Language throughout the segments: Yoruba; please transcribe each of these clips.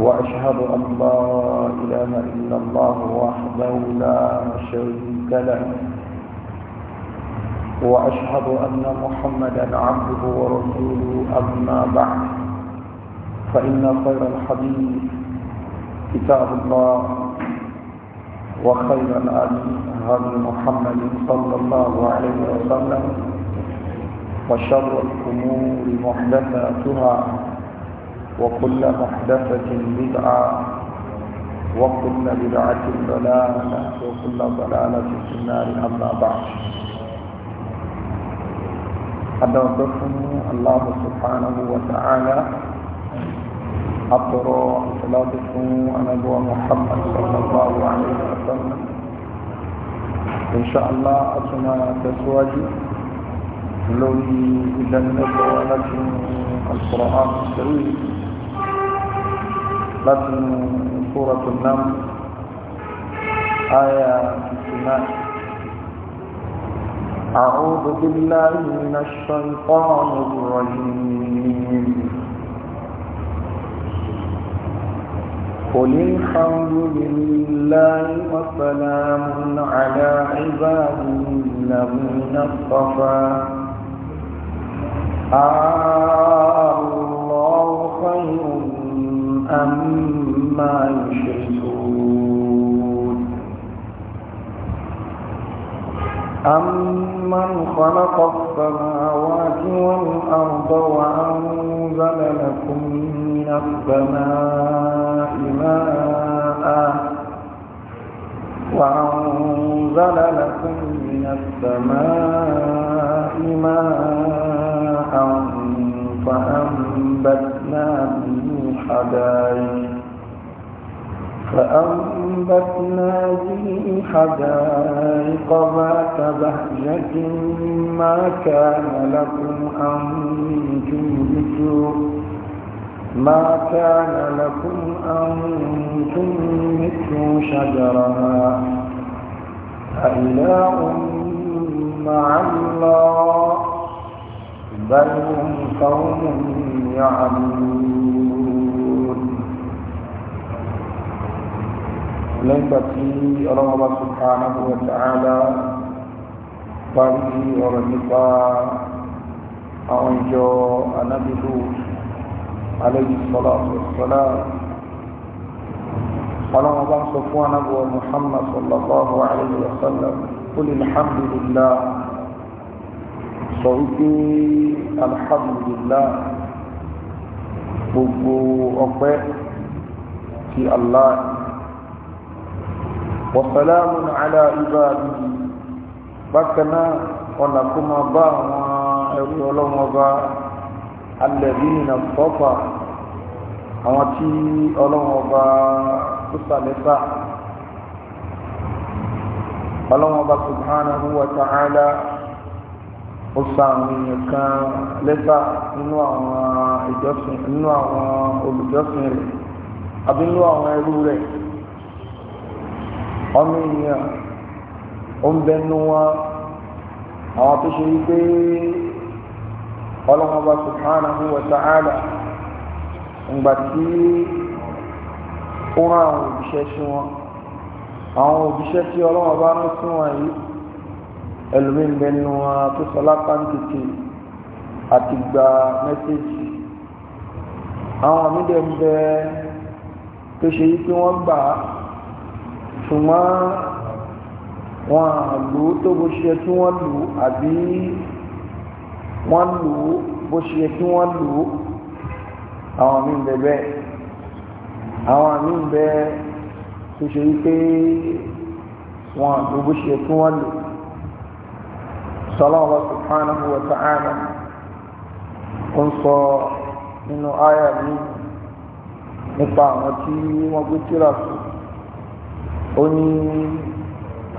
وأشهد أن لا إله إلا الله وحده لا شريك له وأشهد أن محمدا عبده ورسوله أما بعد فإن خير الحديث كتاب الله وخير الأدب هدي محمد صلى الله عليه وسلم وشر الأمور محدثاتها وكل محدثة بدعة وكل بدعة ضلالة وكل ضلالة في النار أما بعد أدعوكم الله سبحانه وتعالى أطر صلاتكم على محمد صلى الله عليه وسلم إن شاء الله أتنا تسواجي لوي إذا نبوة القرآن الكريم لكن سورة النمل آية 69 أعوذ بالله من الشيطان الرجيم قل الحمد لله وسلام على عباده الذين اصطفى آه الله خير أما يشركون أمن خلق السماوات والأرض وأنزل لكم من السماء ماء وأنزل لكم من السماء ماء فأنبتنا حدائق فأنبتنا به حدائق ذات بهجة ما كان لكم أن تنبتوا ما كان لكم أن تنبتوا شجرها أإله مع الله بل هم قوم يعلمون lẹ́gbà tí ọlọ́mọba subhanahu wa ta'ala parí ọ̀rọ̀ nípa àwọn ìjọ anábìlú alayhi salatu wassalam ọlọ́mọba sọ fún anábìlú muhammad sallallahu alayhi wa sallam qul alhamdulillah sọ wípé alhamdulillah gbogbo ọpẹ́ ti allah وسلام على عباده بكنا ونكما با ولوم با الذين اصطفى àwọn tí ọlọ́wọ́n ọba tó sàlẹ́sà ọlọ́wọ́n ọba subhanahu wa ta'ala ó sa àwọn èèyàn kan lẹ́sà nínú àwọn ìjọsìn nínú àwọn olùjọsìn rẹ̀ àbí nínú àwọn ẹrú rẹ̀ ọmọ ènìyàn ó ń bẹnu wọn àwọn tó ṣe wípé ọlọ́mọba subhanahu wa ta'ala ǹgbà tí ó rán àwọn òbíṣẹ́ sí wọn àwọn òbíṣẹ́ tí ọlọ́mọba rán sí wọn yìí ẹlòmí ń bẹnu wọn tó sọ lápá tètè àti gba mẹ́sẹ̀jì àwọn àmì dẹ̀ ń bẹ tó ṣe yí wọ́n gbà á ṣùgbọ́n wọn lò ó tó bó ṣe kí wọ́n lò àbí wọ́n lò ó bó ṣe kí wọ́n lò ó àwọn míì bẹ bẹ́ẹ̀ àwọn míì bẹ tó ṣe wípé wọn lò bó ṣe kí wọ́n lò sọlọ́wọ́ subhanahu wa ta'ala ń sọ nínú àyà mi nípa àwọn tí wọ́n gbé tíra fún ó ní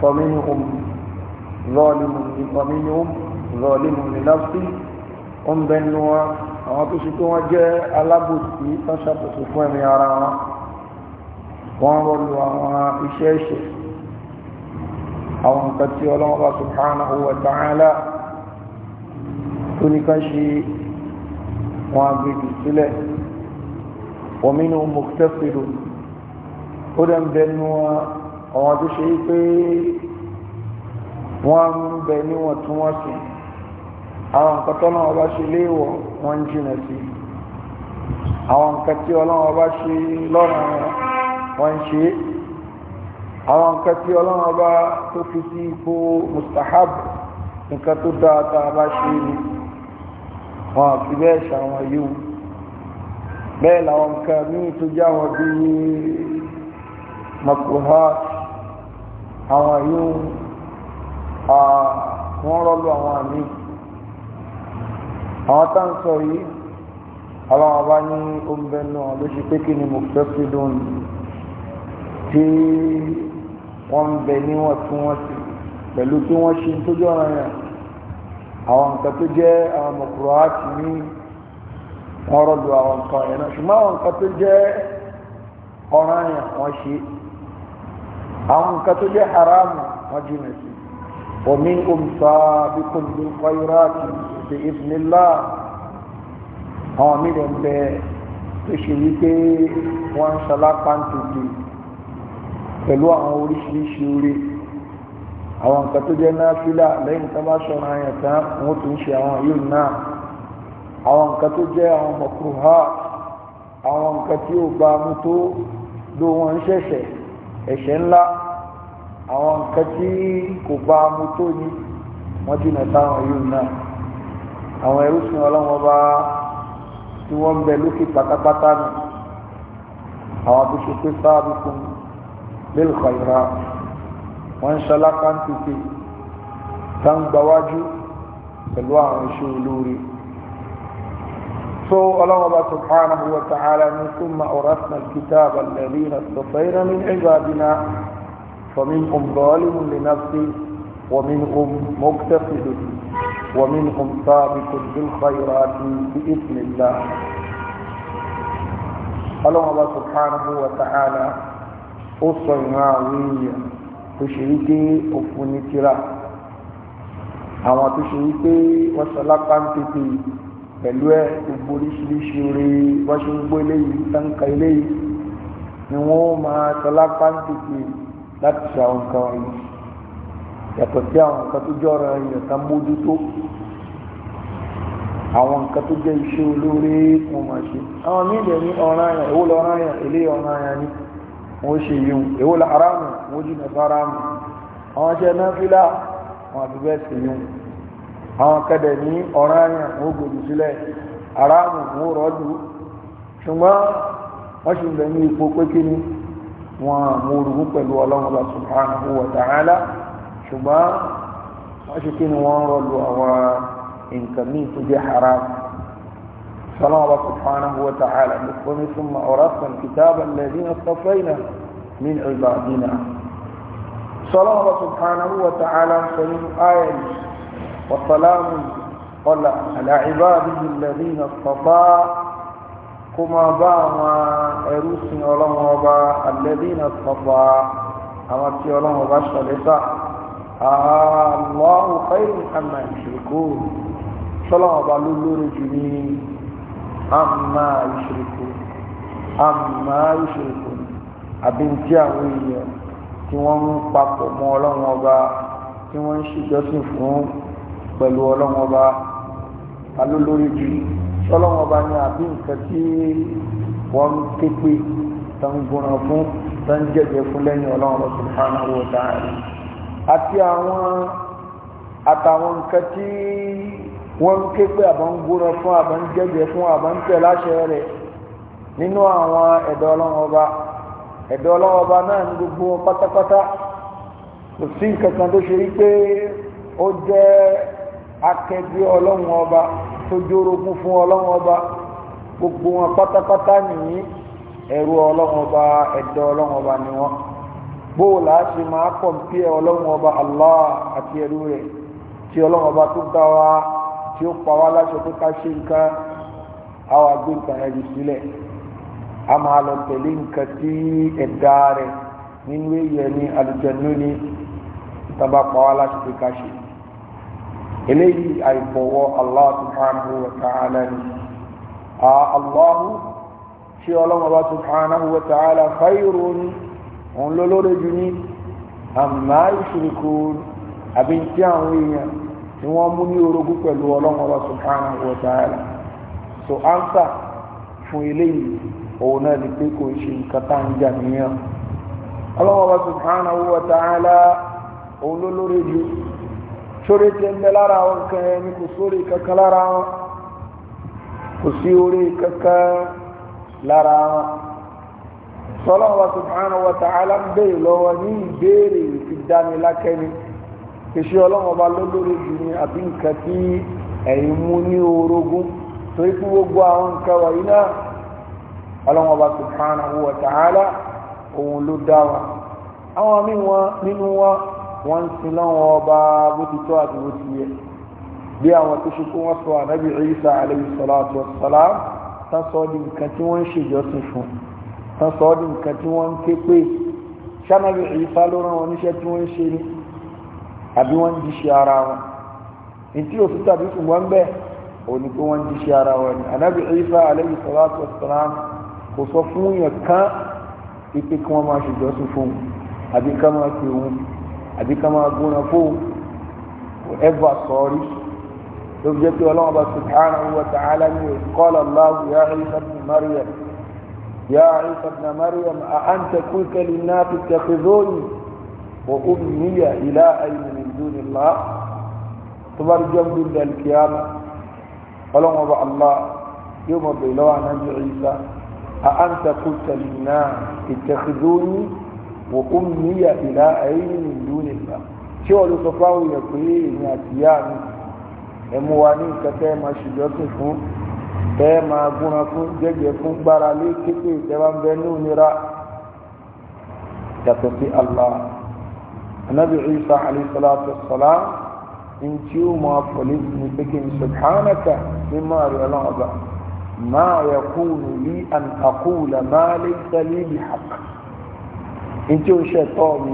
fọmínihùn zọ́ọ̀límù nínáfí ó ń bẹ nínú wa àwọn tó ṣe pé wọ́n jẹ́ alábòsí tó ṣàkóso fún ẹ̀mí ara wọn wọ́n rọlù àwọn iṣẹ́ ìṣẹ́ àwọn nǹkan tí ọlọ́wọ́ subhanahu wa ta'ala tó ní ká ṣe wọn agbègbè sílẹ̀ wa minhum muqtasidun ó dẹ̀ ń bẹ wa àwọn tó ṣe pé wọ́n ń bẹ níwọ̀ntúnwọ̀nsì àwọn nǹkan tó náà bá ṣe léèwọ̀ wọ́n ń jìnà sí àwọn nǹkan tí ọlọ́wọ́ bá ṣe lọ́nà wọ́n ń ṣe àwọn nǹkan tí ọlọ́wọ́ bá tó fi sí ipò mustahab nǹkan tó dáa tá a bá ṣe ni wọn àfi bẹ́ẹ̀ ṣàwọn yìí bẹ́ẹ̀ làwọn nǹkan míì tó já wọn bí àwọn yóò wọ́n rọ́lú àwọn àmì àwọn tá ń sọ yìí aláwọ̀ bá ní oúnjẹ náà pé kí ni mo fẹ́ fi lónìí tí wọ́n ń bẹ níwọ̀n tí wọ́n ti pẹ̀lú tí wọ́n ṣe tó jọ ara yẹn àwọn nǹkan tó jẹ́ àwọn mọ̀kúrọ̀ àti ní wọ́n rọ́lú àwọn nǹkan yẹn náà ṣùgbọ́n àwọn nǹkan tó jẹ́ ọ̀ràn yẹn wọ́n ṣe àwọn nǹkan tó jẹ́ haramu wọ́n jìnà sí omi omisa bíkún bí kwayura ti ṣe ìfúnilá àwọn mílíọ̀n bẹ tó ṣe wípé wọ́n ń ṣalápá ń tètè pẹ̀lú àwọn oríṣiríṣi orí àwọn nǹkan tó jẹ́ náfílà lẹ́yìn tó bá ṣọ̀rọ̀ àyàn tán wọ́n tún ṣe àwọn yìí náà àwọn nǹkan tó jẹ́ àwọn mọ̀kúrú ha àwọn nǹkan tí ó bá mú tó ló wọ́n ń ṣẹ̀ṣẹ̀ ẹ̀ṣẹ̀ ńlá àwọn nǹkan tí kò bá mu tó ní wọ́n jìnà táwọn yìí náà àwọn ẹrúsìn ọlọ́wọ́n bá tí wọ́n ń bẹ lókè pátápátá nù àwọn àbúṣe pé sáàbù fún bílùkọ̀ ìra wọ́n ń ṣọlá káńtìtì tá ń gbáwájú pẹ̀lú àwọn iṣẹ́ olóore so ọlọ́run ọba subhanahu wa ta'ala ní súnmọ́ ọ̀rásùn kìtàbà lẹ́rí na sọ̀fẹ́rẹ́ ní ìgbàdínà fọmín ọmọdọ́ọ́lìmù lè náfsí wọmín ọmọkùtẹ́fìlì wọmín ọmọsáàbìkù bílfàyìrátì bí ìsìnlá ọlọ́run ọba subhanahu wa ta'ala ó sọ ìran àwọn èèyàn tó ṣe wípé òfin ní àwọn tó ṣe wípé wọ́n ṣọlá pàǹtẹ̀tẹ̀ yìí pẹ̀lú ẹ gbogbo oríṣiríṣi orí wọ́n ṣe ń gbó eléyìí táǹkà eléyìí ni wọ́n máa tọ́lá pàǹtìkì láti ṣe àwọn nǹkan wọ̀nyí yàtọ̀ sí àwọn nǹkan tó jẹ́ ọ̀rọ̀ yẹn ká mójútó àwọn nǹkan tó jẹ́ iṣẹ́ olóore kò máa ṣe àwọn míì dẹ̀ ní ọ̀ràn àyàn èwo lọ ọ̀ràn àyàn èlé ọ̀ràn àyàn ni wọ́n ṣe yíò èwo lọ aráàmù wọ́n jìnà sáráàmù àwọn ṣe náà fílà wọn àti bẹ́ẹ̀ ṣe yíò àwọn kẹ́dẹ̀ ní ọ̀ranyàn wọ́n gbòdì sílẹ̀ aráàmù wọ́n rọ́jù ṣùgbọ́n wọ́n sì lè ní ipò pé kí ni wọ́n mú orúkú pẹ̀lú ọlọ́run lọ subhanahu wa ta'ala ṣùgbọ́n wọ́n sì kí ni wọ́n rọlù àwọn nǹkan míì tó jẹ́ haram sọlọ́run lọ subhanahu wa ta'ala ló kọ́ ní súnmọ́ awrasna al-kitaba alladhina istafayna min ibadina sọlọ́run lọ subhanahu wa ta'ala sọ nínú ayẹyẹ وسلام على عباده الذين اصطفى كما باما اروس الله وبا الذين اصطفى اما تي الله وبا شلتا الله خير اما يشركون سلام وبا لولور جنين اما يشركون اما يشركون abinti àwọn èèyàn tí wọ́n ń papọ̀ mọ́ ọlọ́run ọba tí wọ́n ń ṣèjọ́sìn fún pẹ̀lú ọlọ́run ọba alólórí jù ọlọ́run ọba ní àbí nǹkan tí wọ́n ń ké pé tó ń gbóná fún tó ń jẹ́jẹ́ fún lẹ́yìn ọlọ́run ọba subhanahu wa ta'ala àti àwọn àtàwọn nǹkan tí wọ́n ń ké pé àbọ̀ ń gbóná fún àbọ̀ ń jẹ́jẹ́ fún àbọ̀ láṣẹ rẹ̀ nínú àwọn ẹ̀dọ́ ọlọ́run ọba ẹ̀dọ́ náà ní gbogbo pátápátá kò sí nǹkan kan tó ṣe rí ó jẹ́ akẹgbẹ́ ọlọ́run ọba tó jórogún fún ọlọ́run ọba gbogbo wọn pátápátá nìyí ẹrú ọlọ́run ọba ẹ̀dọ́ ọlọ́run ọba ni wọn bóòlù á ṣe máa kọ̀m̀pì ọlọ́run ọba Allah àti ẹrú rẹ̀ tí ọlọ́run ọba tó dá wa tí ó pa wá láṣẹ pé ká ṣe nǹkan àwọn àgbé nǹkan ẹ̀rù sílẹ̀ a máa lọ tẹ̀lé nǹkan tí ẹ̀dá rẹ̀ nínú èyí ẹni àlùjànnú ni tàbá pa wá láṣẹ pé ká ṣe eléyìí àìbọ̀wọ̀ Allah subhanahu wa ta'ala ni Allahu tí ọlọ́mọba subhanahu wa ta'ala khayrun òun ló lóore jù ní àmà yushrikun àbí tí àwọn èèyàn tí wọ́n mú ní orogún pẹ̀lú ọlọ́mọba subhanahu wa ta'ala so answer fún eléyìí òun náà ni pé kò ṣe nǹkan tá ń jà nìyẹn ọlọ́mọba subhanahu wa ta'ala òun ló lóore jù sórí tí ń bẹ lára àwọn nǹkan ẹni kò sórí kankan lára wọn kò sí orí kankan lára wọn sọlọ́n wa subhanahu wa ta'ala ń béèrè lọ́wọ́ ní ìbéèrè ìfidánilákẹ́ni kìsí ọlọ́run ọba lólórí jù ní àbí nǹkan tí ẹ̀yin mú ní orogún torí fún gbogbo àwọn nǹkan wọ̀nyí náà ọlọ́run subhanahu wa ta'ala òun ló dá wọn àwọn míì wọn nínú wọ́n ń sin lọ́wọ́ ọba bó ti tọ́ àti bó ti yẹ bí àwọn tó ṣe kó wọ́n sọ ànábì Isa alayhi salatu wa salam tán sọ di nǹkan tí wọ́n ń ṣèjọsìn fún tán di nǹkan tí wọ́n ń ké pé ṣánábì Isa ló rán wọn níṣẹ́ tí wọ́n ń ṣe ni àbí wọ́n ń jíṣẹ́ ara wọn ìtí òfin tàbí ṣùgbọ́n bẹ́ẹ̀ òní pé wọ́n ń jíṣẹ́ ara wọn ni ànábì Isa alayhi salatu kò sọ àbí ká máa gbóná fóun kò ẹ́fà sọ́ọ́rí ló fi jẹ́ pé ọlọ́run bá subhanahu wa ta'ala ní qala Allahu ya Isa ibn Maryam ya Isa ibn Maryam a anta qulta linnasi ittakhidhuni wa ummiya ilahayn min dunillah tó bá rí jọ́ gbé al-qiyama ọlọ́run bá Allah yóò mọ̀ bẹ̀rẹ̀ lọ́wọ́ àná Isa a anta qulta linnasi ittakhidhuni. وأمي إلى أين دون الله شو اللي صفاو يقول إن أتيان إمواني كتير ما شجعتني فو كتير ما أكون أكون جد يكون برالي كتير تمام بينو نرا يتفي الله النبي عيسى عليه الصلاة والسلام إن شو ما فلت نبكي سبحانك مما رأى ما يكون لي أن أقول ما ليس لي بحق ní tí ó ń ṣẹ̀tọ́ mi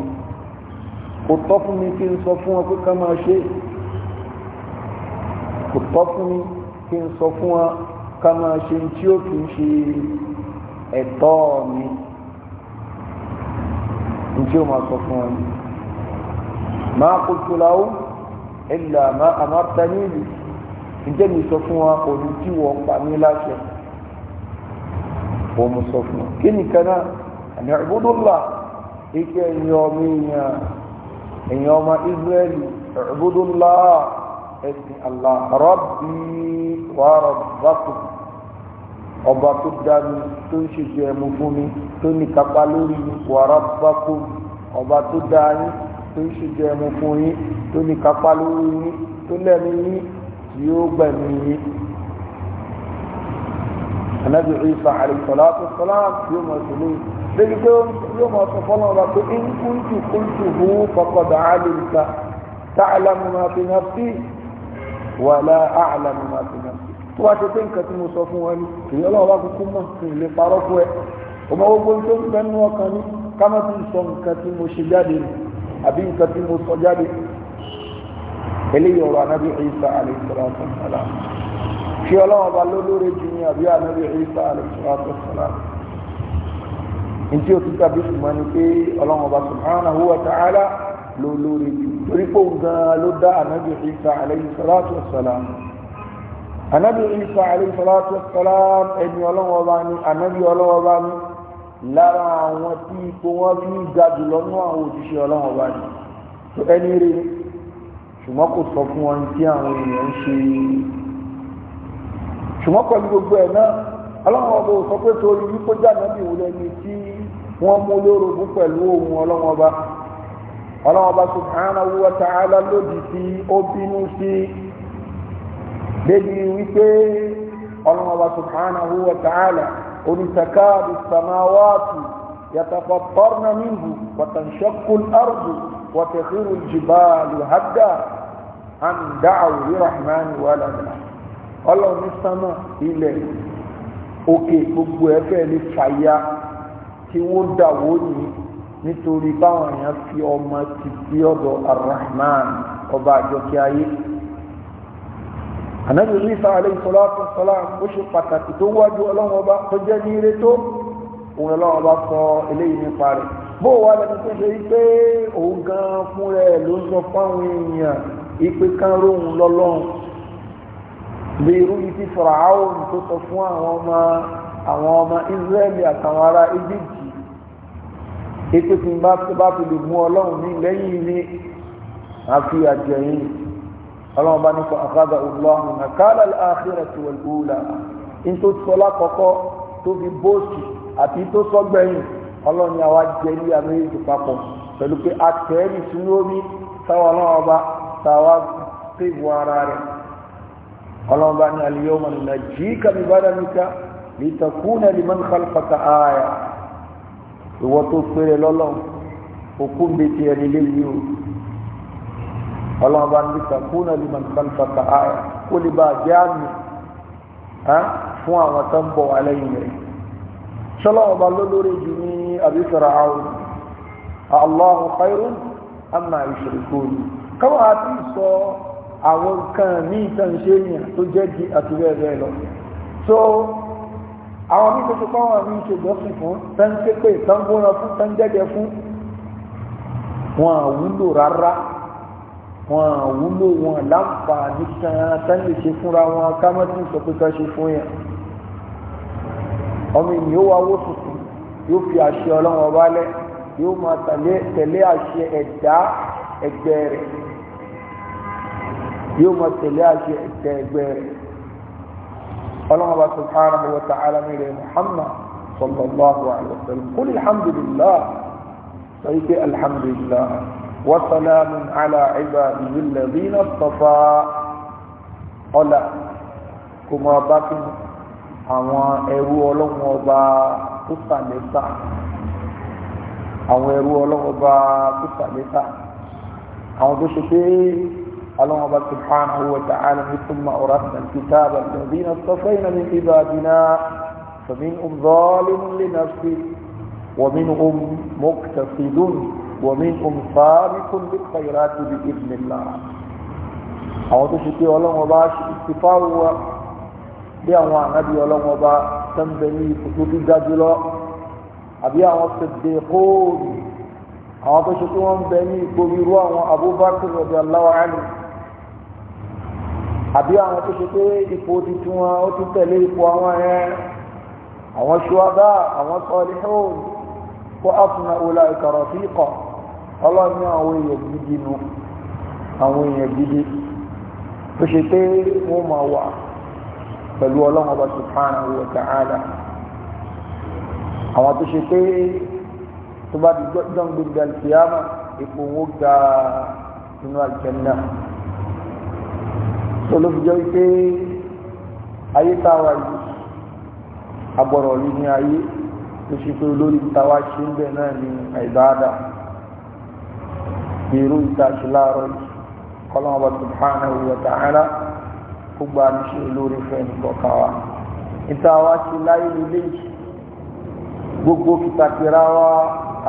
o tọ́ fún mi kí n sọ fún wọn pé ká máa ṣe kò tọ́ fún mi kí n sọ fún wọn ká máa ṣe ní tí ó kì í ṣe ẹ̀tọ́ mi ní tí ó máa sọ fún wọn máa kó tó láwùjọ ẹ̀là àmàta nílùú ǹjẹ́ mi sọ fún wa òní tí wọ́n pa mí láṣẹ wọ́n mo sọ fún wa kí nìkan náà àmì àbúdó ike ẹ̀yin ọmọ èèyàn ẹ̀yin ọmọ israẹli ẹ̀bùdúnlá ẹ̀sìn àlá rọ́bì wà rọ̀bàkù ọba tó dá mi tó ń ṣètò ẹ̀mú fún mi tó ní kápá lórí wà rọ̀bàkù ọba tó dá yín tó ń ṣètò ẹ̀mú fún yín tó ní kápá lórí yín tó lẹ́mí yín tí yóò gbẹ̀mí yín anabi isa alayisalaatu salaam yóò mọ sí lóyún débi pé yóò mọ sọ fọlọ́n ọba pé nkúntù kúntù hu fọkọdà àlùkà tààlàmù máa fi hàn sí wàlà àlàmù máa fi hàn sí. tó wàá ṣe pé nǹkan tí mo sọ fún wọn ni èyí ọlọ́wọ́ bá kúkú mọ̀ kí n lè parọ́ fún ẹ ọmọ gbogbo tó ń bẹ nínú ọkàn ni ká má ti sọ nǹkan tí mo ṣe jáde ni àbí nǹkan tí mo sọ jáde eléyìí ọ̀rọ̀ anabi isa alayisalaatu salaam ṣé ọlọ́wọ́n bá lólórí jù ní àbí ànábì Ìsá àlùsọ́lá sọ́lá ntí o ti tàbí ṣùgbọ́n ni pé ọlọ́wọ́n bá subhanahu wa ta'ala lólórí jù torí pé òun gan-an ló dá ànábì Ìsá àlùsọ́lá sọ́lá ànábì Ìsá àlùsọ́lá sọ́lá ẹni ọlọ́wọ́n bá ní ànábì ọlọ́wọ́n bá ní lára àwọn tí ipò wọn fi ga jùlọ nú àwọn òṣìṣẹ́ ọlọ́wọ́n bá ní ẹni rí ṣùgbọ́n kò sọ fún wọn tí àwọn èèyàn ń ṣe ṣùgbọ́n pẹ̀lú gbogbo ẹ̀ náà ọlọ́run ọba ò sọ pé torí wípé jàǹdàbí ìwúlẹ̀ ni tí wọ́n mú lórogún pẹ̀lú ohun ọlọ́run ọba ọlọ́run ọba subhanahu wa ta'ala lòdì sí ó bínú sí débi wípé ọlọ́run ọba subhanahu wa ta'ala onítàkàbí samawati يتفطرن منه وتنشق الأرض وتخير الجبال هدا أن دعوا لرحمن ولدا ọlọ́run ní sánmà ilẹ̀ òkè gbogbo ẹ̀fẹ́ ní fàyà tí wọ́n dà wó ní nítorí báwọn èèyàn fi ọmọ ti bí ọ̀dọ̀ arahman ọba àjọkí ayé ànábì Ìsá alayhi salatu wassalam ó ṣe pàtàkì tó wájú ọlọ́run ọba tó jẹ́ ní ire tó òun ọlọ́run ọba sọ eléyìí nípa rẹ̀ bó wà lẹ́nu tó ṣe pé òun gan fún rẹ̀ ló sọ fáwọn èèyàn ìpè kan róhun lọ́lọ́run bí irú yìí ti Fáráò tó sọ fún àwọn ọmọ àwọn ọmọ Ísírẹ́lì àtàwọn ará Íjíbítì ètò tí bá tó bá fi lè mú ọlọ́run ní lẹ́yìn ní àfi àjẹyìn ọlọ́run bá nípa àkàdà ọlọ́run nàkàlà al-akhirati wal-ula ní tó sọlá kọ́kọ́ tó fi bóòsì àti tó sọgbẹ́yìn ọlọ́run ni àwa jẹ ní àméjì papọ̀ pẹ̀lú pé a tẹ̀ ẹ́ nì omi táwọn ọlọ́run ọba táwa tẹ̀ ara rẹ̀ ọlọ́ọ̀bá ní al-yawma nunajjika bi badanika litakuna liman khalfaka aya ìwọ tó péré lọ́lọ́ òkú ń bètì ẹni léyìí o ọlọ́ọ̀bá ní litakuna liman khalfaka aya kó lè bá jẹ́ àmì fún àwọn tó ń bọ̀ wá lẹ́yìn rẹ̀ Allahu khayrun amma yushrikun káwọn àti àwọn nǹkan míì tàn ṣe èèyàn tó jẹ́ di àti bẹ́ẹ̀ bẹ́ẹ̀ lọ so àwọn míì tó ti pọ́ àwọn míì ṣègbọ́n sì fún tán képe tán gbóná fún tán jẹ́jẹ́ fún wọn àwúlò rárá wọn àwúlò wọn láǹfààní kan tán lè ṣe fúnra wọn ká má tún sọ pé ká ṣe fún yẹn ọmọ ènìyàn wà wó tuntun yóò fi àṣẹ ọlọ́wọ́n wálẹ̀ yóò máa tẹ̀lé àṣẹ ẹ̀dá ẹgbẹ́ rẹ̀ yóò máa tẹ̀lé àṣẹ ẹ̀tẹ̀ ẹgbẹ́ rẹ̀ ọlọ́mọba subhanahu wa ta'ala nílẹ̀ muhammad sallallahu alayhi wa sallam kúlì alhamdulillah sọ yìí pé alhamdulillah wa salamun ala ibadihi alladhina istafa ọ̀la kò máa bá kí àwọn ẹrú ọlọ́mọ ọba tó sàlẹ̀sà àwọn ẹrú ọlọ́mọ ọba tó sàlẹ̀sà àwọn tó ṣe pé الله سبحانه وتعالى ثم أورثنا الكتاب الذين اصطفينا من عبادنا فمنهم ظالم لنفسه ومنهم مقتصد ومنهم سابق بالخيرات بإذن الله àwọn tó ṣe pé ọlọ́run ọba ìfipáwò wa bí àwọn ànábì ọlọ́run ọba tẹ́ǹbẹ̀ ní ipò tó ga jùlọ àbí àwọn tẹ̀dẹ̀ kóòdù àwọn tó ṣe pé wọ́n ń bẹ ní ipò irú àwọn Abubakar radiyallahu anhu àbí àwọn tó ṣe pé ipò ti tún wọn ó ti tẹ̀lé ipò àwọn yẹn àwọn ṣùwádà àwọn sọ́ọ́lìhún kó àfúnà òlà ìkàrọ̀ sí ikọ̀ ọlọ́ọ̀ni àwọn èèyàn gidi nu àwọn èèyàn gidi tó ṣe pé wọ́n máa wà pẹ̀lú ọlọ́run ọba subhanahu wa ta'ala àwọn tó ṣe pé tó bá di gbọ́dọ̀ gbẹ̀gbẹ̀ alìkìyàmà ipò wọn ga inú alìkẹ́ńdà olóbìjọ́ wípé ayé táwa yìí agbọ̀rọ̀ yìí ní ayé tó ṣe pé olórí táwa ṣe ń bẹ̀ náà ní àìbáadà irú ìta ṣe láàárọ̀ kọ́lọ́mọba subhanahu wa ta'ala ó gba níṣẹ́ olórí fẹ́ nìkọ̀ọ̀kan wa ìta wa ti láyé nílé gbogbo kìtàkìrá wa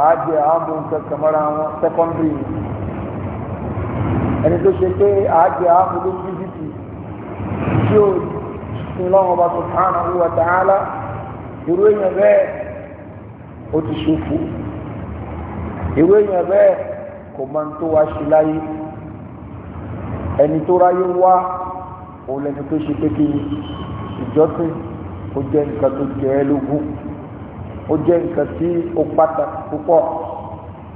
àájẹ àábò nǹkan kàmọ́ra wọn sẹ́kọ́ndìrì ẹni tó ṣe pé àájẹ àábò ló tí ó sin lọ́wọ́ bá subhanahu wa ta'ala irú èèyàn bẹ́ẹ̀ ó ti ṣòfò irú èèyàn bẹ́ẹ̀ kò máa ń tó wá ṣe láyé ẹni tó ráyé wá òun lẹni tó ṣe kékeré ìjọsìn ó jẹ́ nǹkan tó jẹ́ ẹ́ lógún ó nǹkan tí ó pàtàkì púpọ̀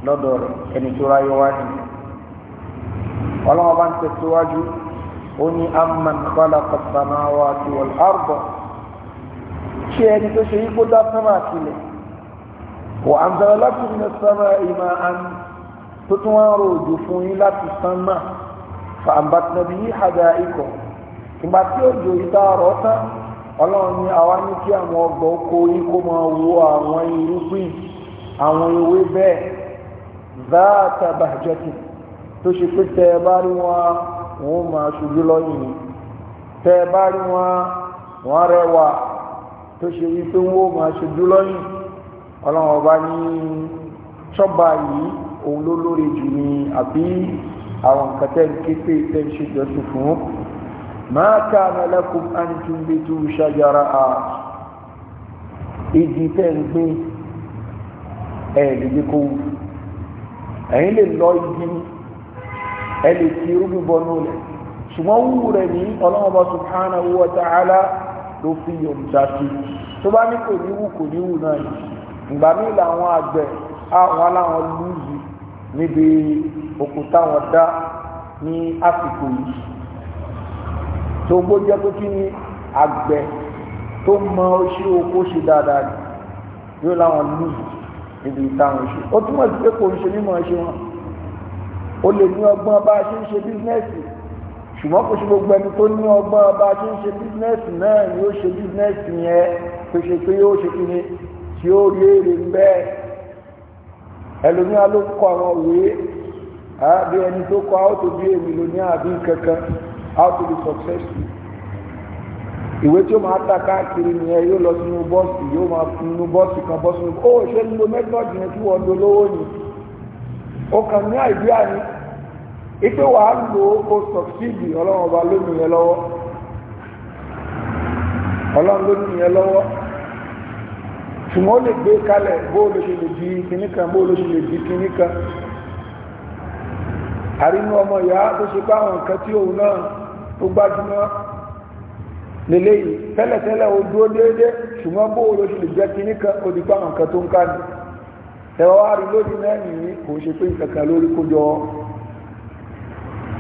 lọ́dọ̀ rẹ̀ ẹni tó ráyé wá nìyẹn ọlọ́wọ́ bá ń tẹ̀síwájú ó ní amman khalaqa as-samawati wal arda ṣé ẹni tó ṣe yípo dá sánmà sílẹ̀ wa anzala lakum minas sama'i ma'an tó tún wá ń ro òjò fún yín láti sánmà fa ambatna bihi hada'iqa ìgbà tí òjò ìta ọ̀rọ̀ tán ọlọ́run ní àwa ní kí àwọn ọgbà oko yín máa wo àwọn irúgbìn àwọn ewé bẹ́ẹ̀ zaata bahjati tó ṣe pé tẹ ẹ bá rí wọn wọn ó máa ṣojú lọ́yìn ni tẹ́ ẹ bá rí wọn wọn rẹwà tó ṣe wípé wọn ó máa ṣojú lọ́yìn ọlọ́run ọba ní ṣọ́ba yìí òun ló lóore jù ní àbí àwọn nǹkan tẹ́ ń ké pé tẹ́ ń ṣe jọ́sìn fún máa ká mẹ́lẹ́kùn àǹtúndétú ṣàjára à igi tẹ́ ń gbé ẹ̀ lè lè lọ igi ni ẹ lè ti irúgbìn bọnú lẹ̀ ṣùgbọ́n wúwo rẹ̀ ní ọlọ́mọba subhanahu wa ta'ala ló fi yọ̀ǹda sí tó bá ní kò ní wù kò ní wù náà yìí ìgbà míì làwọn àgbẹ̀ àwọn aláwọn lùzì níbi òkúta wọn dá ní àsìkò yìí tó gbójẹ́ pé kí ni àgbẹ̀ tó mọ oṣù oko ṣe dáadáa yóò láwọn lùzì níbi ìtàn oṣù ó túmọ̀ sí pé kò ń ṣe mímọ̀ ṣe wọn ó lè ní ọgbọ́n bá a ṣe ń ṣe bísínẹ́sì ṣùgbọ́n kò ṣe gbogbo ẹni tó ní ọgbọ́n bá a ṣe ń ṣe bísínẹ́sì náà ni ó ṣe bísínẹ́sì yẹn tó ṣe pé yóò ṣe kíni tí ó rí èrè ń bẹ́ẹ̀ ẹlòmíà ló kọ àwọn òwe àbí ẹni tó kọ how to be a millionaire àbí kankan how to be successful ìwé tí ó máa ta káàkiri nìyẹn yóò lọ sínú bọ́ọ̀sì yóò máa fún inú bọ́ọ̀sì kan bọ́ọ̀sì ó ṣe ń lo mẹ́tọ́ọ̀dì yẹn tí wọ́n lo lówó ni ó kàn ní àìdíà ni ipe wàá lò ó sọ̀fíìdì ọlọ́run ọba ló nìyẹn lọ́wọ́ ọlọ́run ló lọ́wọ́ ṣùgbọ́n ó lè gbé kalẹ̀ o di kinní o àrínú ọmọ ìyá tó ṣe bá àwọn nǹkan tí òun náà tó gbájúmọ́ tẹ́lẹ̀tẹ́lẹ̀ ó dúró déédé ṣùgbọ́n jẹ́ di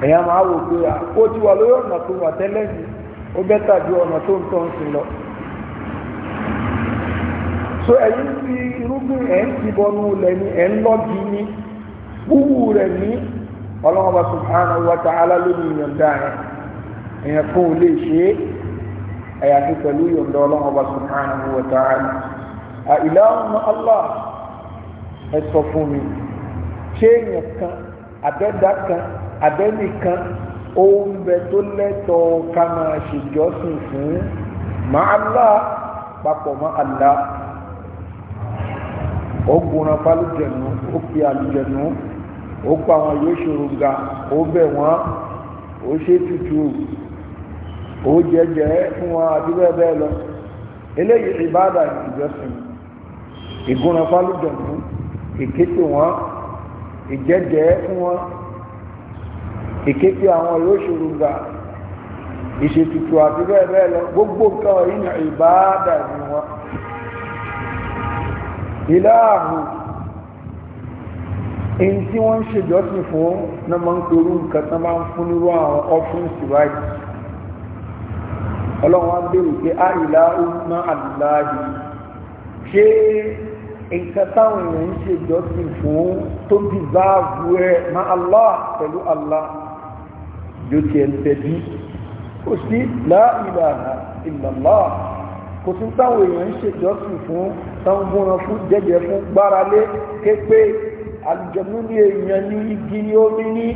èèyàn máa wò pé ah, ó ti wà lórí ọ̀nà tó wà tẹ́lẹ̀ ní ó ju ọ̀nà tó ń tọ́ ń lọ so ẹ̀yin fi irúgbìn ẹ̀ ń ti bọnú lẹ̀ ní ẹ̀ ń lọ́gì ní wúwú rẹ̀ ní ọlọ́mọba subhanahu wa ta'ala lórí ìyọ̀ǹda ẹ̀ èèyàn kò lè ṣe é àyàfi pẹ̀lú ìyọ̀ǹda ọlọ́mọba subhanahu wa ta'ala ah, allah ẹ sọ fún mi ṣé kan àbẹ́dá kan, abẹ́nìkan oúnjẹ tó lẹ́tọ̀ọ́ ká máa ṣèjọ́sìn fún màálà papọ̀ mọ́ àlá ó ó fi àlùjẹ̀nu ó pa àwọn yóò ṣòro ga ó bẹ̀ wọ́n ó ṣe tutù ó jẹjẹ fún wọn àti bẹ́ẹ̀ lọ eléyìí ìbáàdà ìjọsìn ìgbóná pálùjẹ̀nu ìkéte wọn ìjẹjẹ fún wọn. ìképe àwọn yóò ṣòro gbà ìṣètùtù àti bẹ́ẹ̀ bẹ́ẹ̀ lọ gbogbo nǹkan yìí ní ìbáàdà ni wọn ìlàhù èyí tí wọ́n ń ṣèjọ́sìn fún náà máa ń torú nǹkan tán máa ń fún nírú àwọn ọ́fún síwájú ọlọ́run wá bèèrè pé á ìlàhù má àdìláàdì ṣé nǹkan táwọn èèyàn ń ṣèjọ́sìn fún tó bí báàbù ẹ̀ má Allah pẹ̀lú Allah jókè ẹni tẹ́bí kò sí la ilaha illallah kò sí táwọn èèyàn ń ṣèjọ́sìn fún táwọn búran fún jẹ́jẹ́ fún gbáralé képé àlùjọ̀nú ní èèyàn ní igi ní omi ní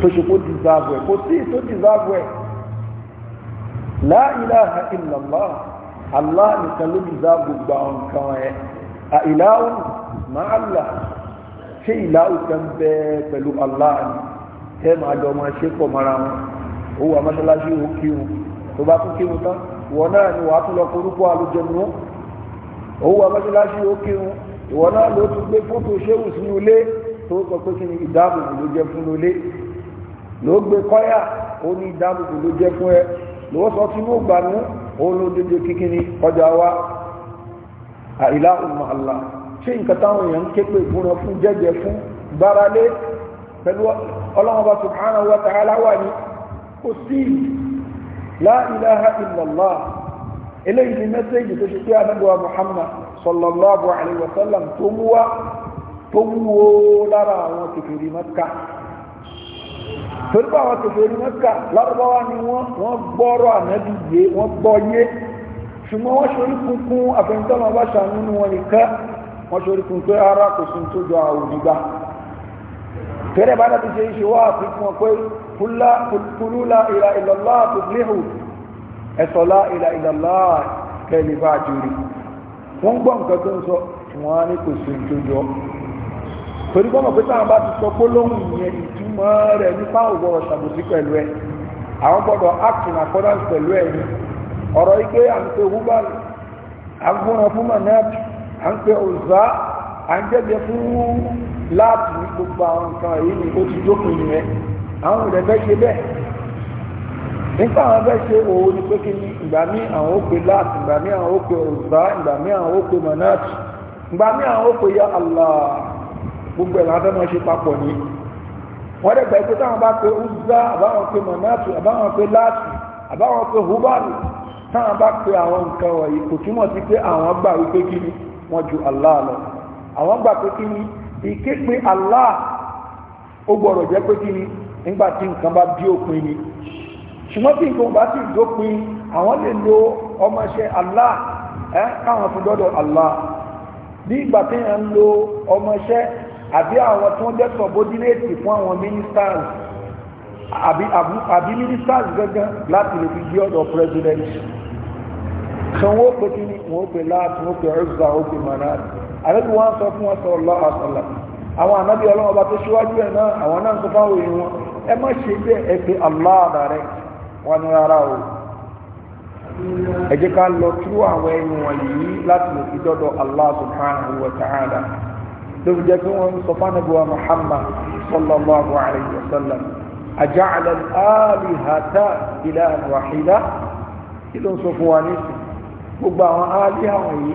tó ṣe kó dìzáàbù ẹ̀ kò sí tó dìzáàbù ẹ̀ la ilaha allah nìkan ló dìzáàbù gba nǹkan ẹ̀ à ìlàhùn máa là ṣé ìlàhùn kan bẹ́ẹ̀ pẹ̀lú allah ni tẹ́ máa jọ máa ṣe pọ̀ mọ́ra wọn ó wà mọ́ṣáláṣí ó kírun tó bá tún kírun tán ìwọ náà ni wàá tún lọ korúkọ àlùjẹnu ó wà mọ́ṣáláṣí ó kírun ìwọ náà ló tún gbé fótó ṣéwù sínú ilé tó sọ pé kí ni ìdáàbòbò ló jẹ́ fún ilé ló gbé kọ́yà ó ní ìdáàbòbò ló jẹ́ fún ẹ ló sọ sínú ìgbàanú ó ló dédé kíkíní ọjà wa àìlá ọmọ àlà ṣé nǹkan táwọn èèyàn ń ké pé ìfúnra fún jẹ́jẹ́ fún gbáralé pẹ̀lú ọlọ́mọba subhanahu wa ta'ala wà ní kò sí la ilaha illallah eléyìí ni mẹ́sẹ̀gì tó ṣe pé anábọ̀wá muhammad sallallahu alayhi wa sallam tó mú wá tó mú wo lára àwọn kèfèrí mẹ́ka torí pé àwọn kèfèrí mẹ́ka lárúbáwá ni wọ́n wọ́n gbọ́rọ̀ ànábì yé wọ́n gbọ́ yé ṣùgbọ́n wọ́n ṣorí kunkun àfẹnitọ́nà ọba ṣàánú wọn nìkan wọ́n ṣorí kunkun ara kò sí tó jọ àwọn tẹ́rẹ̀ bá láti ṣe iṣẹ́ wá fi fún ọ pé kúlúlá ìlà ìlọ́lá tó léhù ẹ̀sọ̀lá ìlà ìlọ́lá kẹ́lì bá jùrì wọ́n gbọ́ nǹkan tó ń sọ wọ́n á ní kò sí ìjọjọ́ torí gbọ́mọ̀ pé táwọn bá ti sọ gbólóhùn yẹn ìtumọ̀ rẹ̀ nípa ògbọ́rọ̀ ṣàbòsí pẹ̀lú ẹ̀ àwọn gbọ́dọ̀ gbogbo àwọn nǹkan yìí ni ó ti jókòó yẹn àwọn ìrẹ̀ bẹ́ ṣe bẹ́ẹ̀ nípa àwọn bẹ́ ṣe òun ni pé kí ni ìgbà mí àwọn ó pe láàt ìgbà mí àwọn ó pe òrùbá ìgbà mí àwọn ó manat ìgbà mí àwọn ó ya Allah gbogbo ẹ̀ láti máa ṣe papọ̀ ni wọ́n dẹ̀ gbà pé táwọn bá pe uzza àbáwọn pe manat àbáwọn pe láàt àbáwọn pe hubal táwọn bá pe àwọn nǹkan wọ̀nyí kò túmọ̀ sí pé àwọn gbà wípé kí ni wọ́n ju Allah lọ àwọn gbà pé kí ni ìképe Allah ó gbọ́dọ̀ jẹ́ pé kí ni nígbà tí nǹkan bá bí òpin ni ṣùgbọ́n tí nǹkan bá sì dópin àwọn lè lo ọmọṣẹ́ Allah ẹ́ káwọn fi dọ́dọ̀ Allah bí ìgbà tí yẹn ń lo ọmọṣẹ́ àbí àwọn tó ń jẹ́ sọ̀bọ́dílẹ́tì fún àwọn ministers àbí àbí ministers gangan láti lè fi gbé ọ̀dọ̀ president sanwó pé kí ni wọ́n pè láti wọ́n pè ẹ̀rọ àrẹ́bí wọn sọ fún wọn sọ̀rọ̀ àṣọlá àwọn ànábì ọlọ́wọ́ bá tó ṣíwájú ẹ̀ náà àwọn náà sọ fáwọn èèyàn wọn ẹ má ṣe bẹ́ẹ̀ ẹ pé aláàdá rẹ wọn ni rárá o ẹ ká lọ tú àwọn ẹni wọn yìí láti lè fi dọ́dọ̀ Allah subhanahu wa ta'ala ló fi jẹ́ pé wọ́n sọ fún àbúrò Muhammad sallallahu alayhi wa sallam aja'ala al-alihata ilahan wahida kí ló ń sọ fún wa nísìn gbogbo àwọn alihà wọ̀nyí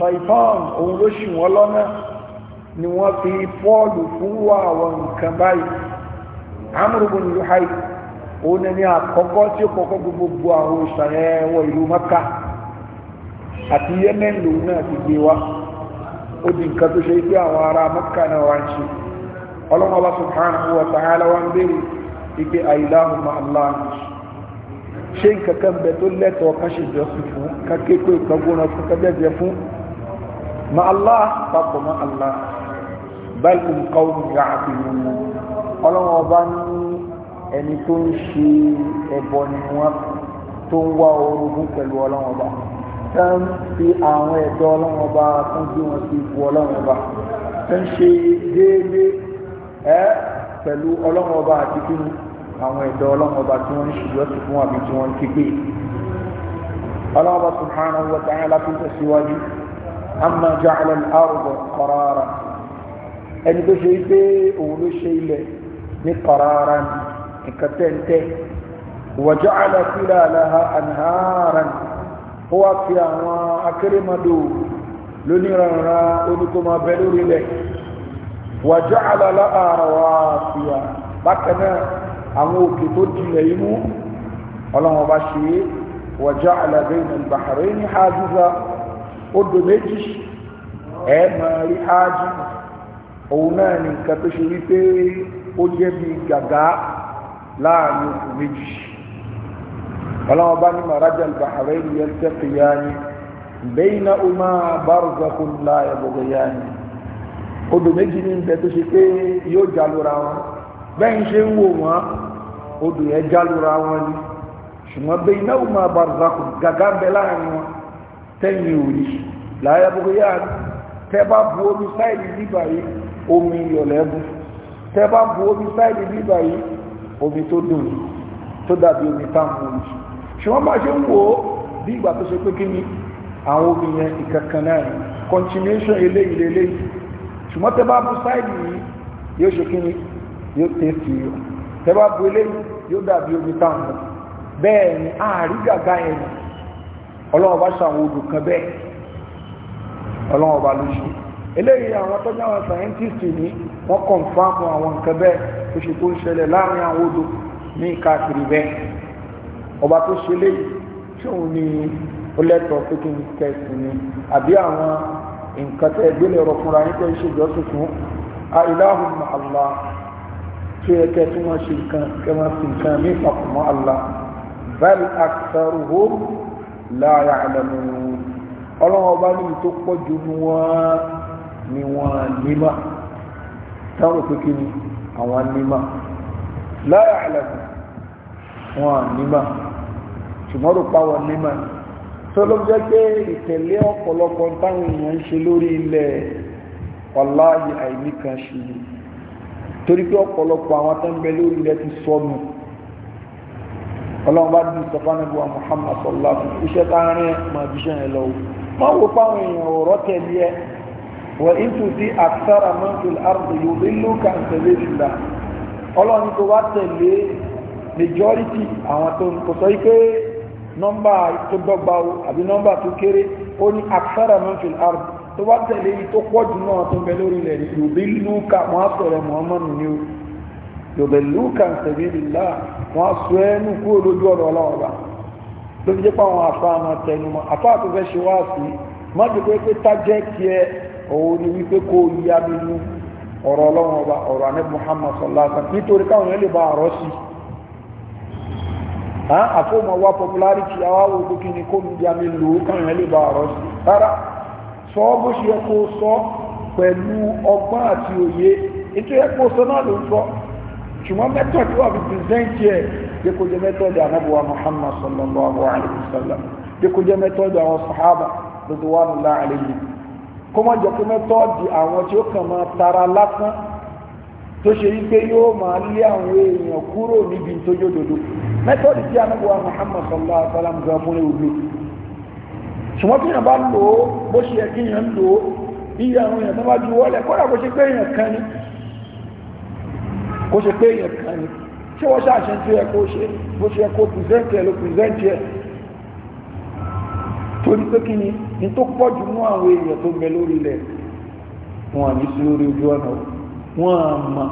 ṣàìtàn òun ló ṣì wọ́n lọ́nà ni wọ́n fi fọ́ọ̀lù fún wà àwọn nǹkan báyìí amúrùbùn ìlú haì òun ni àkọ́kọ́ tí ó kọ́kọ́ gbogbo àwọn òṣàyẹ wọ ìlú maka àti yemen lòun náà ti gbé wa ó di nǹkan tó ṣe pé àwọn ará maka náà wá ń ṣe ọlọ́mọba subhanahu wa ta'ala wa ń béèrè ike àìláhùn máa ṣe nǹkan kan bẹ tó lẹ́tọ̀ọ́ kan ṣe jọ́sìn fún kan képe kan gbóná fún kan jẹ́jẹ́ fún ma Allah papọ̀ ma Allah báyìí nǹkan ó ga àfihàn wọn ọlọ́wọ́n ọba ní ẹni tó ń ṣe ẹbọ ni wọ́n tó ń wá orogún pẹ̀lú ọlọ́wọ́n ọba tó ń fi àwọn ẹ̀dọ́ ọlọ́wọ́n ọba tó ń gbé wọn sí ipò ọlọ́wọ́n ọba tó ń ṣe déédéé ẹ́ pẹ̀lú ọlọ́wọ́n ọba àti kíni àwọn ẹ̀dọ́ ọlọ́wọ́n ọba tí wọ́n ń ṣùgbọ́n sí fún àbí tí wọ́n ń képe ọlọ́wọ́n ọba subhanahu wa ta'ala fi tẹ̀síwájú amma ja'ala al-arda qarara ẹni tó ṣe pé òun ló ṣe ilẹ̀ ní qarara nǹkan tẹ́ntẹ́ wa ja'ala khilalaha anharan ó wá fi àwọn akérèmọdò lóníranra oníkómọ bẹ lórí ilẹ̀ wa ja'ala laha rawasiya bákan náà àwọn òkè tó dilẹ̀ inú ọlọ́wọ́n bá ṣe wa ja'ala bayna al-bahrayni hajiza odò méjì ẹ máa rí áájú òun náà ní nǹkan tó ṣe wípé ó jẹ́ bí gàgá láàrin òkú méjì ọlọ́wọ́n bá ní maraja al-bahrain yaltaqiyani baynahuma barzakhun la yabghiyani odò méjì ní nǹkan tó ṣe pé yóò jalura wọn bẹ́ẹ̀ ń ṣe ń wò wọ́n odò yẹn jalura wọn ni ṣùgbọ́n ma barzakhun gàgá ń gaga láàrin wọn tẹ́yìn òrí láyébúgbéyà tẹ́bá bu omi sáìdì bíbà yìí omi ìyọ̀lẹ́bù tẹ́bá bu omi sáìdì bíbà yìí omi tó dùn tó dàbí omi táwọn omi ṣùgbọ́n bá ṣe ń wò ó bí ìgbà tó ṣe pé kí ni àwọn omi yẹn ìkankan náà ni continuation eléyìí lélẹ́yìí ṣùgbọ́n tẹ́bá bu sáìdì yìí yóò ṣe kí ni yóò tẹ́sí yìí tẹ́bá bu eléyìí yóò dàbí omi táwọn bẹ́ẹ̀ ni àárí gàgá yẹn ni ọlọ́wọ́ bá ṣe àwọn odò kan bẹ́ẹ̀ ọlọ́wọ́ bá ló ṣe eléyìí àwọn tọ́jú àwọn scientist ní wọ́n kọ̀nfàmù àwọn nǹkan bẹ́ẹ̀ tó ṣe tó ń ṣẹlẹ̀ láàrin àwọn odò ní káàkiri bẹ́ẹ̀ ọba tó ṣe léyìí tí òun ni ó lẹ́tọ̀ọ́ pé kí n kẹsì ni àbí àwọn nǹkan tẹ́ gbélé ọ̀rọ̀ fúnra yín tẹ́ ṣe jọ́sìn fún aláhùn Allah tó yẹ kẹ́ tí wọ́n ṣe nǹkan kẹ́ wọ́n fi nǹkan ní la ya'lamun ọlọ́run ọba níbi tó pọ̀ jù ní wọ́n ni wọ́n nímà táwọn pé kí ni àwọn nímà la ya'lamun wọn nímà ṣùgbọ́n rò pa wọn nímà tó ló jẹ́ pé ìtẹ̀lé ọ̀pọ̀lọpọ̀ táwọn èèyàn ń ṣe lórí ilẹ̀ wàláhì àìníkan ṣe torí pé ọ̀pọ̀lọpọ̀ àwọn tó lórí ilẹ̀ ti sọnù ọlọ́run bá dùn sọfánàbíwá Muhammad sọláàfù iṣẹ́ táárín máa jíṣẹ́ yẹn lọ́wọ́ máa wò fáwọn èèyàn ọ̀rọ̀ tẹ̀lé ẹ wọ ìtù sí àkàrà mọ́tòl àrùn yóò lé lókà ń tẹ̀lé ìlà ọlọ́run tó wá tẹ̀lé majority àwọn tó ń kò sọ pé nọ́mbà tó dọ́gba o àbí nọ́mbà tó kéré ó ní àkàrà mọ́tòl àrùn tó wá tẹ̀lé yìí tó pọ̀ jù náà tó ń bẹ lórí ilẹ̀ yóò lé wọ́n á sọ̀rọ̀ yòbẹ̀lúkà sẹ̀bílìlá wọ́n sọ ẹnu kú olójú ọ̀rọ̀ ọlọ́ọ̀bá ló fi jẹ́ pé àwọn afá máa tẹnumọ́ afá tó ṣe wá sí mọ́tò pé pé tájẹ́kì òun ni wípé kó yá mi ọ̀rọ̀ ọlọ́ọ̀bá ọ̀rọ̀ Muhammad nítorí káwọn yẹn lè ba sí popularity ni kó mi yá mi lò káwọn yẹn lè ba sí rárá sọ bó ṣe yẹ kó sọ àti òye ètò yẹ kó sọ náà ló ń sọ ṣùgbọ́n mẹ́tọ̀dì wà fi pìrìsẹ́ǹtì ẹ̀ jẹ́ kó jẹ́ mẹ́tọ̀dì anábùwà muhammad sallallahu alayhi wa sallam jẹ́ kó jẹ́ mẹ́tọ̀dì àwọn sahaba radwanullahi alayhi kó má jẹ́ kó mẹ́tọ̀dì àwọn tí ó kàn máa tara lásán tó ṣe yí pé yóò máa lé àwọn èèyàn kúrò níbi tó yóò dodo mẹ́tọ̀dì tí anábùwà muhammad sallallahu alayhi wa sallam gan fún ewu ṣùgbọ́n kí kó ṣe pé èèyàn kan ni ṣé wọ́n ṣàṣẹ tí ẹ kó ṣe bó ṣe kó pìrìsẹ́ǹtì ẹ ló pìrìsẹ́ǹtì ẹ torí pé kí ni ní tó pọ̀ jù mú àwọn èèyàn tó bẹ lórí ilẹ̀ wọn àní sí lórí ojú ọ̀nà wọn àmà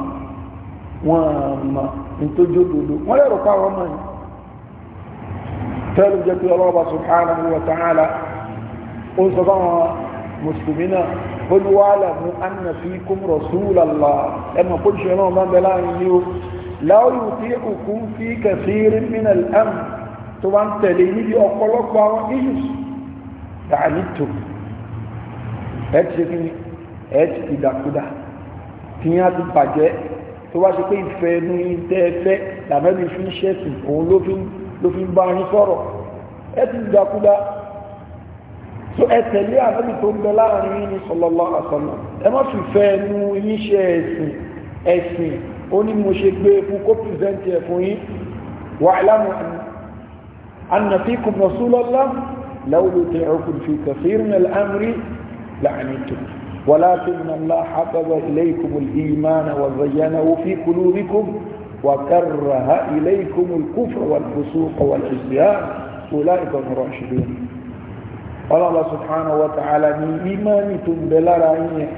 wọn àmà ní tó jó dodo wọn lè rò páwọn ọmọ yìí tẹ́lẹ̀ jẹ́ pé ọlọ́ọ̀bà subhanahu wa ta'ala ó sọ fáwọn mùsùlùmí náà olúwàlà mú anna fikum rasulallah ẹmọ pọ́lùsẹ̀ náà máa bẹ láàrin ní o láwọ́yù tí òkú fi kẹsìrì minal am tó bá ń tẹ̀lé níbi ọ̀pọ̀lọpọ̀ àwọn issues tààlì tó ẹ ti ṣe ẹ ti ìdàkúdà tí yẹn á ti bàjẹ́ tó bá ṣe pé ìfẹ́ ní tẹ́ ẹ làmẹ́bí fi ń ṣẹ̀sìn òun ló fi ń bá yín sọ̀rọ̀ ẹ ti ìdàkúdà so ẹ tẹ̀lé ànábì tó ń bẹ láàrin yín ní sallallahu alaihi wasallam ẹ má fi fẹ́ nu iṣẹ́ ẹ̀sìn ẹ̀sìn ó ní mo ṣe gbé fún kó pìrìsẹ́ǹtì ẹ̀ fún yín wa'lamu anna fikum rasulallah law yuti'ukum fi tó wàlá ilé kathirin min al-amri la'anittum ولكن الله حبب إليكم الإيمان وزينه في قلوبكم وكره إليكم الكفر والفسوق والعصيان أولئك هم الراشدون Allah subhanahu wa ta'ala ní ìmánì tó ń bẹ lára yín yẹn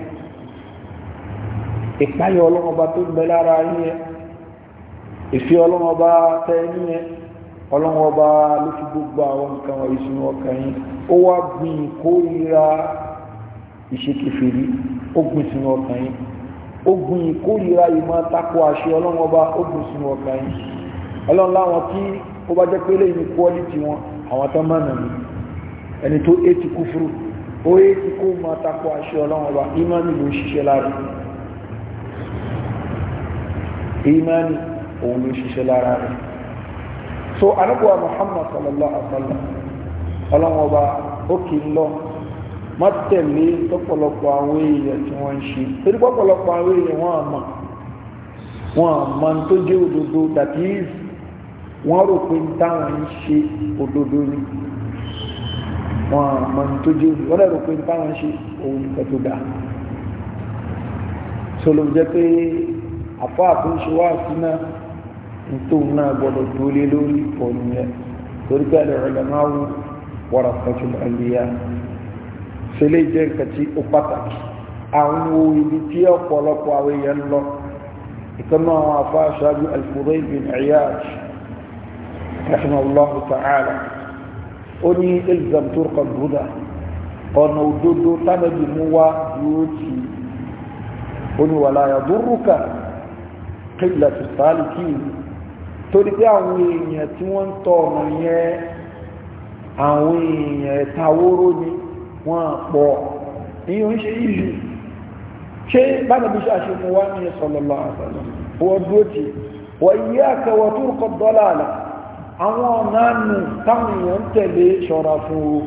ìpáyọ̀ ọlọ́mọba tó ń bẹ lára yín yẹn ìfi ọlọ́mọba tẹ yín yẹn ọlọ́mọba ló fi gbogbo àwọn nǹkan wọ̀nyí sínú ọkàn yín ó wá gbìn ìkórira ìṣekèfèrí ó gbìn sínú ọkàn yín ó gbìn ìkórira ìmọ̀ takò àṣẹ ọlọ́mọba ó gbìn sínú ọkàn yín ọlọ́run láwọn tí ó bá jẹ́ pé lẹ́yìn quality wọn àwọn tó mọ̀nà nìyí ẹni tó éti kúfúrú ó éti kó máa takọ àṣẹ ọlọ́run ọba Imani ló ń ṣiṣẹ́ lára ìmánì òun ló ṣiṣẹ́ lára rẹ̀ so anábọ̀wá muhammad sallallahu alaihi wa sallam ọlọ́run ọba ó kì í lọ má tẹ̀lé lọ́pọ̀lọpọ̀ àwọn èèyàn tí wọ́n ń ṣe torí pọ̀pọ̀lọpọ̀ àwọn èèyàn wọ́n àmà wọ́n àmà tó jẹ́ òdodo that is wọ́n rò pé táwọn ń ṣe òdodo ni wọn àmọ́ tó jẹ́ òní wọ́n lẹ́rọ pé báwọn ṣe òun nìkan tó dáa sọlọ jẹ́ pé àfọ́ àtúnṣe wá sí náà nítorí náà gbọ́dọ̀ dúlé lórí ìfọ̀nù yẹn torí pé àlẹ́ rẹ̀ máa wù wọ́ra pẹ̀tù àlùyá sọlẹ̀ jẹ́ nǹkan tí ó pàtàkì àwọn ohun ibi tí ọ̀pọ̀lọpọ̀ àwọn èèyàn lọ ìkànnà àwọn afáṣáájú al-Fudayl bin Iyad rahimahullahu ta'ala ó ní elzam tó kọ buddha ọ̀nà òdodo tánàbí mú wá yóò ti ó ní wàlá àdúrúkà kílà tó sáàlì kí torí pé àwọn èèyàn tí wọ́n ń tọ ọ̀nà yẹn àwọn èèyàn ẹ̀ta wóró ni wọ́n pọ̀ ní o ń ṣe ìlú ṣe bánàbí wá ní sallallahu alaihi wọ́n dúró ti wọ́n yí àkẹwà tó rúkọ dọ́là àlà àwọn ọ̀nà nù táwọn èèyàn ń tẹ̀lé ṣọ́ra fún o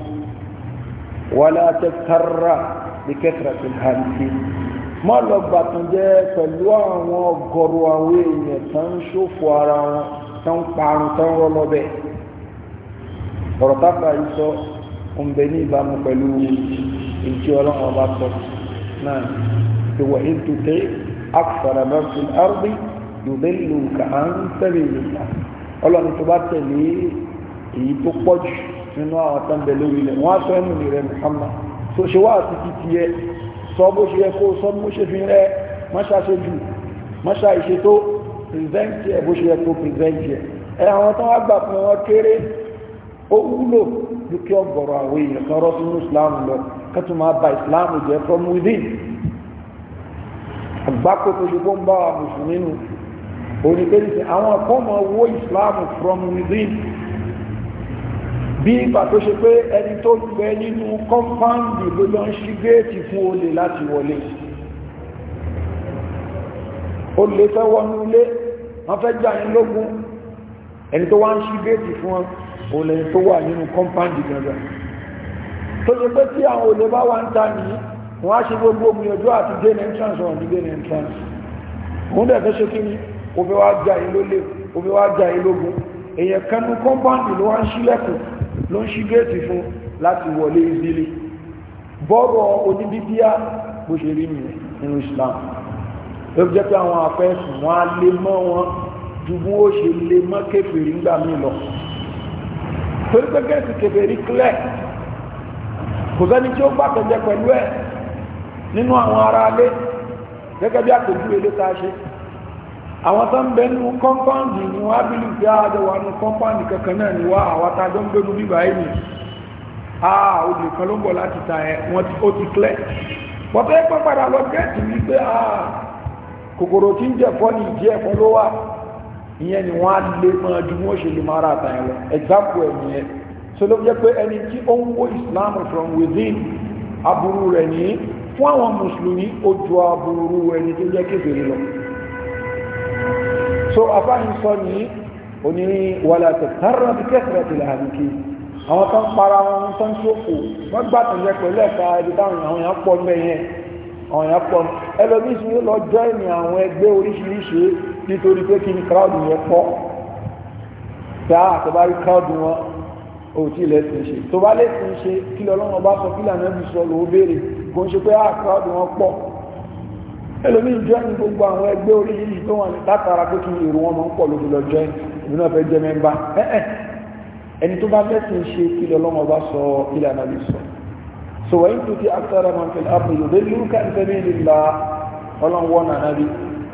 wà láti tààrà ní kẹtàrà tó ń hàǹtí má lọ gbàtàn jẹ pẹ̀lú àwọn ọgọ́rùn àwọn èèyàn tó ń ṣòfò ara wọn tó ń parun tó ń rọlọ bẹ́ẹ̀ ọ̀rọ̀ táfà yìí sọ ń bẹ ní ìbámu pẹ̀lú ìjì ọlọ́run ọba sọ náà ìwà ètò tẹ akfàràmọ́fin ardi yòbẹ́lù kà á ń sẹ́rẹ̀ ìlú ọlọ́ni tó bá tẹ̀lé èyí tó pọ̀ jù nínú àwọn tó ń bẹ lórí ilẹ̀ wọ́n á sọ ẹnu rẹ̀ Muhammad tó ṣe wá àti títí ẹ sọ bó ṣe yẹ kó sọ bó ṣe fi rẹ mọ́ṣá ṣe jù mọ́ṣá ìṣe tó present ẹ bó ṣe yẹ kó present ẹ ẹ àwọn tó wá gbà fún wọn kéré ó wúlò dúkìá ọgọ̀rọ̀ àwọn èèyàn kan rọ́ sínú Islam lọ kẹ́tù máa ba Islam jẹ́ from within àgbákò tó ṣe kó ń bá wa mùsùlùmí oníkejì sí àwọn kan mọ owó islam from within bí ìgbà tó ṣe pé ẹni tó gbẹ nínú kọ́ńpáǹdì ló lọ ń ṣí géètì fún olè láti wọlé olè fẹ́ wọnú ilé wọ́n fẹ́ jà yín lógún ẹni tó wá ń ṣí géètì fún wọn olè tó wà nínú kọ́ńpáǹdì gangan tó ṣe pé tí àwọn olè bá wá ń ta nìyí wọ́n á ṣe gbogbo gbìyànjú àti gain entrance wọn ní gain entrance òun dẹ̀ fẹ́ ṣe kí ni ó fẹ́ wá já yín lólè ó fẹ́ wá já yín lógun èèyàn kanú kọ́mpáǹdì ló wá ń ṣílẹ̀kùn ló ń ṣí géètì fún láti wọlé ìdílé bọ́rọ̀ oníbíbíà bó ṣe rí nìyẹn nínú Islam ló fi jẹ́ pé àwọn afẹ́sùn wọn á lé mọ́ wọn ju bí ó ṣe lé mọ́ kèfèrí ńgbà míì lọ torí pé gẹ̀ẹ́sì kèfèrí clear kò sẹ́ni tí ó gbà kẹjẹ pẹ̀lú ẹ̀ nínú àwọn ará alé gẹ́gẹ́ bí àpèjúwe ló ta ṣe àwọn tó ń bẹ nínú kọ́ńpáǹdì ni wọ́n á bílù pé ah, àjọ wà nínú kọ́ńpáǹdì kankan náà ni wá àwọn tájọ́ ń gbénu bíbá yìí ni a ah, olè kan ló ń bọ̀ láti ta ẹ̀ wọ́n ó ti clear bọ́tẹ́ ẹgbẹ́ padà lọ gẹ́ẹ̀tì wípé a ah, kòkòrò tí ń jẹ̀fọ́ ní ìdí ẹ̀fọ́ ló wà ìyẹn ni wọ́n á lè máa ju wọ́n ṣe lè máa ra àtàyẹ̀ lọ example ẹ̀ nìyẹn so ló jẹ́ pé ẹni tí ó ń wó Islam from within aburú rẹ̀ ní fún àwọn mùsùlùmí ó ju aburú ẹni tó jẹ́ kékeré lọ so afáyín sọ ní oní wàlá tẹ̀tẹ̀rọ̀ bí kẹsìrẹ̀ ti lè hàn kí àwọn tó ń para wọn tó ń sókò wọ́n gbà tó ń yẹ pẹ̀lú ẹ̀ka ibi táwọn àwọn èèyàn pọ̀ mẹ́ yẹn àwọn èèyàn pọ̀ ẹlòmíì sì lọ jọ́ ìní àwọn ẹgbẹ́ oríṣiríṣi nítorí pé kí ni crowd yẹn pọ̀ ah, tá àtọ́bárí crowd wọn ò tí ì lẹ́sìn ṣe tó bá lẹ́sìn ṣe kí lọ́lọ́wọ́n bá sọ kí lànà bí sọ lòó béèrè kò ń ṣe pé ah crowd wọn pọ̀ ẹlòmí join gbogbo àwọn ẹgbẹ́ orí yìí tó wà látara pé kí èrò wọn máa ń pọ̀ lójú lọ join ìlú náà fẹ́ jẹ́ mẹ́mbà ẹ̀ẹ́ ẹni tó bá fẹ́ sí ṣe kí lọ́lọ́mọ bá sọ so wọ́n tó ti akitara máa fẹ́ àpò ìlú lórí ká ìfẹ́mi ìlà ọlọ́wọ́n ànábì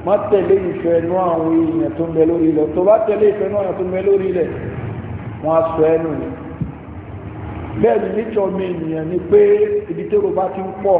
má tẹ̀lé ìfẹ́ inú àwọn èèyàn tó ń bẹ lórí ilẹ̀ tó bá tẹ̀lé ìfẹ́ inú àwọn tó ń bẹ lórí ilẹ̀ wọ́n á sọ ẹnu ni bẹ́ẹ̀ ni nítorí mi ènìyàn ni pé ibi tó bá ti ń pọ̀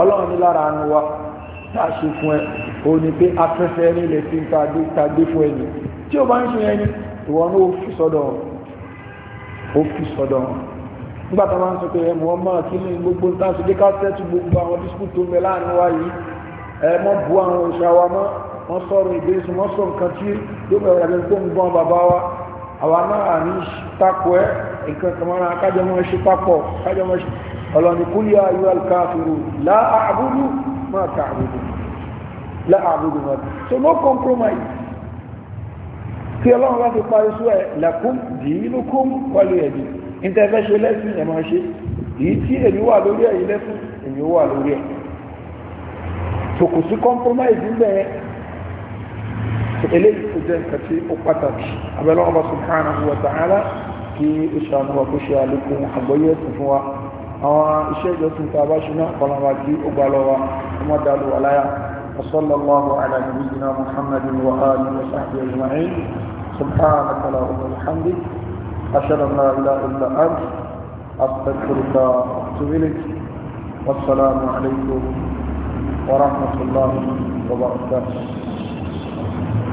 ọlọ́run ní lára àánú wa tá a ṣe fún ẹ o ní pé afẹ́fẹ́ nílẹ̀ tí ń ta gbé fún ẹni tí o bá ń ṣe ẹni ìwọ ní ó fi sọ́dọ̀ ó fi sọ́dọ̀ nígbà tó máa ń sọ pé ẹ mọ̀ ọmọ kí ni gbogbo ń tán sí dé ká tẹ́tù gbogbo àwọn dísíkù tó mẹ láàánú wa yìí ẹ mọ̀ bu àwọn òṣà wa mọ́ wọ́n sọ̀rọ̀ ìgbésùn wọ́n sọ nǹkan tí yóò bẹ̀rẹ̀ àbẹ̀ tó ń gbọ́n bàbá wa àwa náà ní tako ẹ nǹkan kan mọ́ra kájọ mọ́ ṣe papọ̀ kájọ mọ́ ṣe ọlọ́ni kúlíà ayúwàl káfíru láàbùdù máa káàbùdù láàbùdù máa so no compromise tí ọlọ́run bá ti parí sú ẹ̀ lakum dinukum wálé ẹ̀dì intervention lẹ́sìn ẹ̀ máa ṣe èyí tí èmi wà lórí ẹ̀yìn lẹ́sìn èmi wà lórí ẹ̀ so kò sí compromise níbẹ̀ yẹn eléyìí kò jẹ́ nǹkan tí ó pàtàkì abẹ́lọ́wọ́ bá subhanahu wa ta'ala kí ó ṣàánú wa kó ṣe àlékún àgbọ́yé ẹ̀sìn fún wa àwọn iṣẹ́ ìjọsìn tá a bá ṣe náà kọlọ́wà kí ó gbà lọ́wọ́ ọmọ dàlú aláyà وصلى الله على نبينا محمد وآله وصحبه أجمعين سبحانك اللهم وبحمدك أشهد أن لا إله إلا أنت أستغفرك وأتوب إليك والسلام عليكم ورحمة الله وبركاته